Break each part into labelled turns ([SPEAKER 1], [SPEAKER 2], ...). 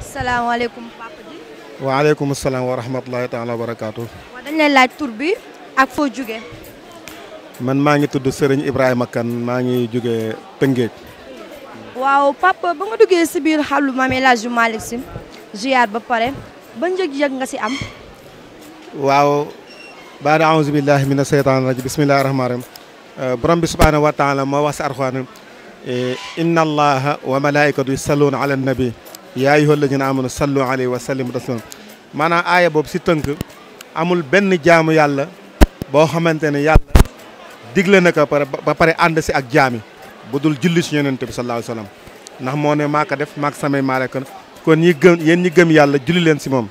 [SPEAKER 1] salaamaaleykum papa ji.
[SPEAKER 2] waaleykum salaam wa rahmatulahi taala wa barakaatu.
[SPEAKER 1] waaw dañ laaj tur ak foo jugee.
[SPEAKER 2] man maa ngi tudd Serigne Ibrahima kan maa ngi jugee Tëngéej.
[SPEAKER 1] waaw papa ba nga duggee si biir xalu Mame El Hadji Malick Sy ziar ba pare ba njëg nga si am.
[SPEAKER 2] waaw. baada aouzu billahi mina seytaani rajim bismillahi rahmaani rahim euh, bi subhaanahu wa taala moo wax inna allaha wa malaikatu yusalluuna ala nabi yaa ayyuhal ladina amanu sallu alayhi wa sallim taslima maanaam aaya boobu si tënk amul benn jaamu yàlla boo xamante ne yàlla digle na ko ba pare ànd si ak jaami bu dul julli si yonent bi sallallahu alayhi wa sallam ndax moo ne maa ko def maak samay maa lekk kon ñi gëm yéen ñi gëm yàlla julli leen si moom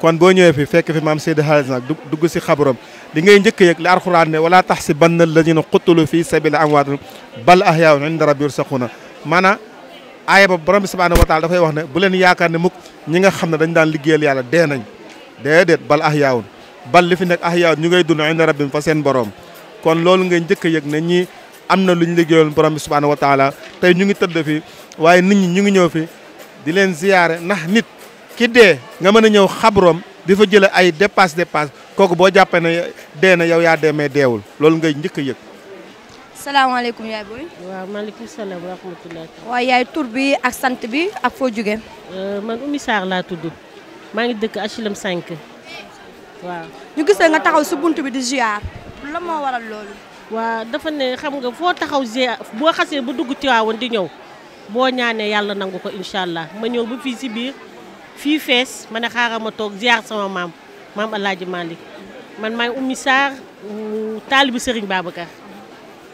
[SPEAKER 2] kon boo ñëwee fi fekk fi maam Seydi Hadj nag dugg si xabaram li ngay njëkk yëg li alxuraan ne wala tax si bann alladina qutulu fi sabili amwaat bal ahyaun inda rabbi yursaquuna maanaam aaya ba borom bi subhaanahu wa taala dafay wax ne bu leen yaakaar ne mukk ñi nga xam ne dañ daan liggéeyal yàlla dee nañ déedéet bal ah yaawun bal li fi nekk ah yaawun ñu ngay dund bi rabbim fa seen borom kon loolu ngay njëkk a yëg ne ñi am na lu ñu liggéeyoon borom bi subhaanahu wa taala tey ñu ngi tëdd fi waaye nit ñi ñu ngi ñëw fi di leen ziyaare ndax nit ki dee nga mën a ñëw xabroom di fa jële ay dépasse dépasse kooku boo jàppee ne dee na yow yaa dee mais loolu ngay njëkk a
[SPEAKER 1] salaamaaleykum
[SPEAKER 3] yaay booy. waaw maaleykum salaam wa rahmatulah.
[SPEAKER 1] waaw yaay tur bi ak sant bi ak foo jóge
[SPEAKER 3] euh, man Oumy Sarr laa tudd maa ngi dëkk HLM 5 waaw. ñu gisee nga taxaw si bunt bi di ziar
[SPEAKER 1] la moo waral loolu.
[SPEAKER 3] waaw dafa ne xam nga foo taxaw ziar boo xasee bu dugg Tiwaawoon di ñëw boo ñaanee yàlla nangu ko incha allah ma ñëw ba fii si biir fii fees ma ne xaaral ma toog ziar sama maam maam El Hadj man maay Oumy Sarr mm, taalibu Serigne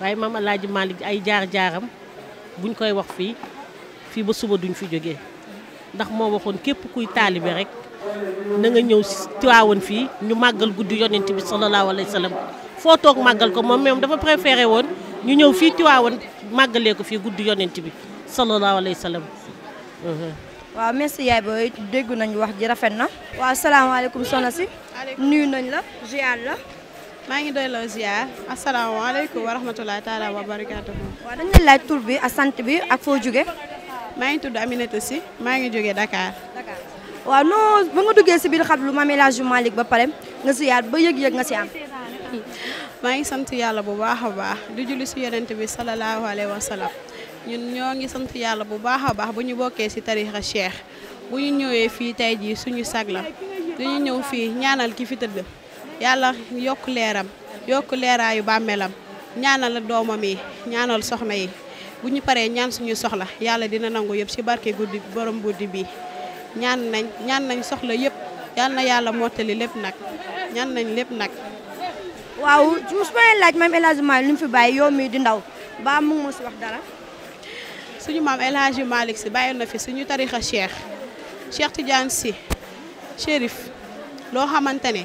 [SPEAKER 3] waaye laaj Alaaji ji ay jaar-jaaram buñ koy wax fii fii ba suba duñu fi jógee ndax moo waxoon képp kuy taalibe rek na nga ñëw Tiwaawan fii ñu màggal guddi yonent bi sallallahu alayhi wa sallam foo toog màggal ko moom même dafa préféré woon ñu ñëw fii Tiwaawan màggalee ko fii guddi yonent bi sallallahu alayhi wa sallam mhm.
[SPEAKER 1] waaw merci yaay booy déggu nañu wax ji rafet na waaw salaamaaleykum soxna si nuyu nañ la
[SPEAKER 4] ziar la maa ngi doy loo ziar asalaamaaleykum wa rahmatulahi taala wa barakaatu.
[SPEAKER 1] waaw laaj tur bi ak sant bi ak foo jóge maa ngi tudd Aminata Sy maa ngi jóge dakaar Dakar waaw non ba nga duggee si biir xablu Mame El Hadji malik ba pare nga ziar ba yëg-yëg nga si am. maa ngi sant yàlla bu baax a baax di julli si yonent bi
[SPEAKER 4] salallaahu alayhi wa sallam ñun ñoo ngi sant yàlla bu baax a baax bu ñu bokkee si tarixa Cheikh bu ñu ñëwee fii tey jii suñu sag la dañu ñëw fii ñaanal ki fi tëdd. yàlla yokk leeram yokk leeraayu bàmmeelam ñaanal doomam yi ñaanal soxna yi bu ñu paree ñaan suñu soxla yàlla dina nangu yëpp ci barke guddi borom guddi bi ñaan nañ ñaan nañ soxla yëpp yal yàlla mottali lépp nag ñaan nañ
[SPEAKER 1] lépp nag. waaw su laaj maam El fi bàyyi yow mii di ndaw ba mu ngi dara.
[SPEAKER 4] suñu maam El Hadj Malick si bàyyi na fi suñu tarixa cheikh Cheikh Tidiane si Chérif loo xamante ne.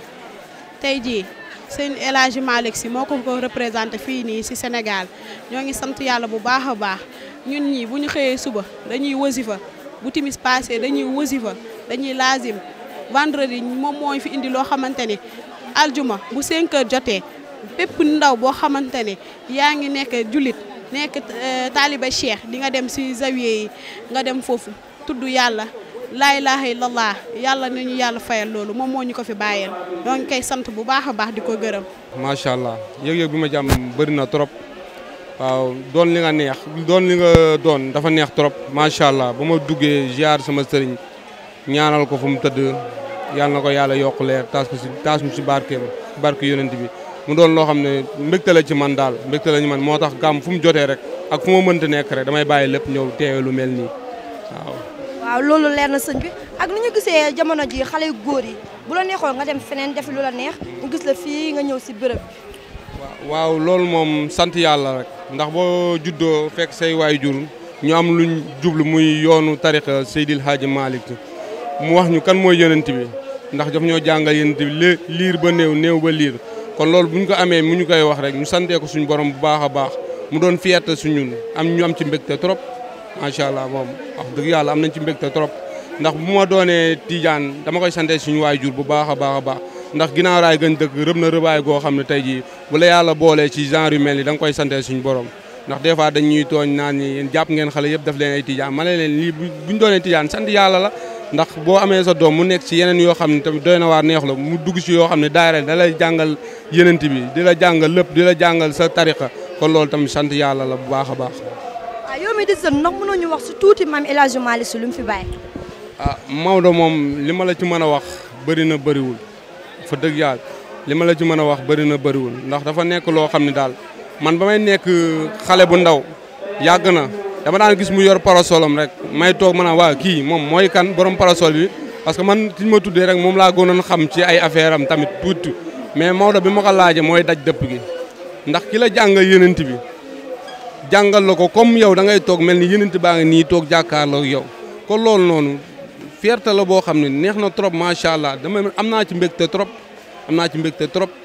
[SPEAKER 4] tey ji sëñ El Hadji Malick moo ko ko représenté fii nii si Sénégal ñoo ngi sant yàlla bu baax a baax ñun ñi bu ñu xëyee suba dañuy wasifa bu timis passé dañuy wasifa dañuy laazim vendredi moom mooy fi indi loo xamante ni aljuma bu 5 heures jotee bépp ndaw boo xamante ne yaa ngi nekk jullit nekk euh, taaliba cheikh di nga dem si zawiye yi nga dem foofu tudd yàlla laa ilaha illallah yàlla na yàlla fayal loolu moom moo ñu ko fi bàyyeel donc koy sant bu baax a baax di ko gërëm.
[SPEAKER 5] macha allah yëg-yëg bi ma jàmm bëri na trop waaw doon li nga neex doon li nga doon dafa neex trop macha allah ba ma duggee ziar sama sëriñ ñaanal ko fu mu tëdd yàlla na ko yàlla yokk leer taas si taas mu si barkeem barke yonent bi mu doon loo xam ne mbégte la ci man daal mbégte la man moo tax gàmm fu mu jotee rek ak fu ma mënta nekk rek damay bàyyi lépp ñëw teewe lu mel nii.
[SPEAKER 1] waaw loolu leer na sëñ bi ak ni ñu gisee jamono ji xale góor yi bu la neexoon nga dem feneen def lu la neex ñu gis la fii nga ñëw si bërëb
[SPEAKER 5] bi waaw loolu moom sant yàlla rek ndax boo juddoo fekk say waay jur ñu am luñ jublu muy yoonu tarixa Seydil Hadji Malick mu wax ñu kan mooy yonent bi ndax daf ñoo jàngal yonent bi liir ba néew néew ba liir kon loolu bu ko amee mu koy wax rek ñu santee ko suñu borom bu baax baax mu doon fierté suñu am ñu am ci mbégte trop macha allah moom wax dëgg yàlla am nañ ci mbégte trop ndax bu ma doonee Tidiane dama koy sante suñu waajur bu baax a baax a baax ndax ginnaaw raay gën dëkk na rëbaay goo xam ne tey jii bu la yàlla boolee ci genre yu mel ni da koy sante suñu borom ndax des fois dañ ñuy tooñ naan ni yéen jàpp ngeen xale yëpp daf leen ay Tidiane ma ne leen bu buñ doonee Tidiane sant yàlla la ndax boo amee sa doom mu nekk si yeneen yoo xam ne tamit doy na waar neex la mu dugg ci yoo xam ne daayira da lay jàngal yenent bi di la jàngal lépp di la jàngal sa tariqa kon loolu tamit sant yàlla la bu baax a baax
[SPEAKER 1] yow mi di sën ndax mënoo ñu wax si tuuti maam El Hadj Malick Sy lu mu fi
[SPEAKER 5] ah, Maodo moom li ma la ci mën a wax bëri na bëriwul fa dëgg yàlla li ma la ci mën a wax bëri na bëriwul ndax dafa nekk loo xam ne daal man ba may nekk xale bu ndaw yàgg na dama daan gis mu yor parasolam rek may toog ma naan waa kii moom mooy kan borom parasol bi parce que man ki ñu ma tuddee rek moom laa gënoon xam ci ay affaire am tamit tuuti mais Maodo bi ma ko mooy daj dëpp gi ndax ki la jàngal bi. jàngal la ko comme yow da toog mel ni yenent baa ngi nii toog jàkkaarloo yow kon loolu noonu fierté la boo xam ne neex na trop macha allah dama am naa ci mbégte trop am naa ci mbégte trop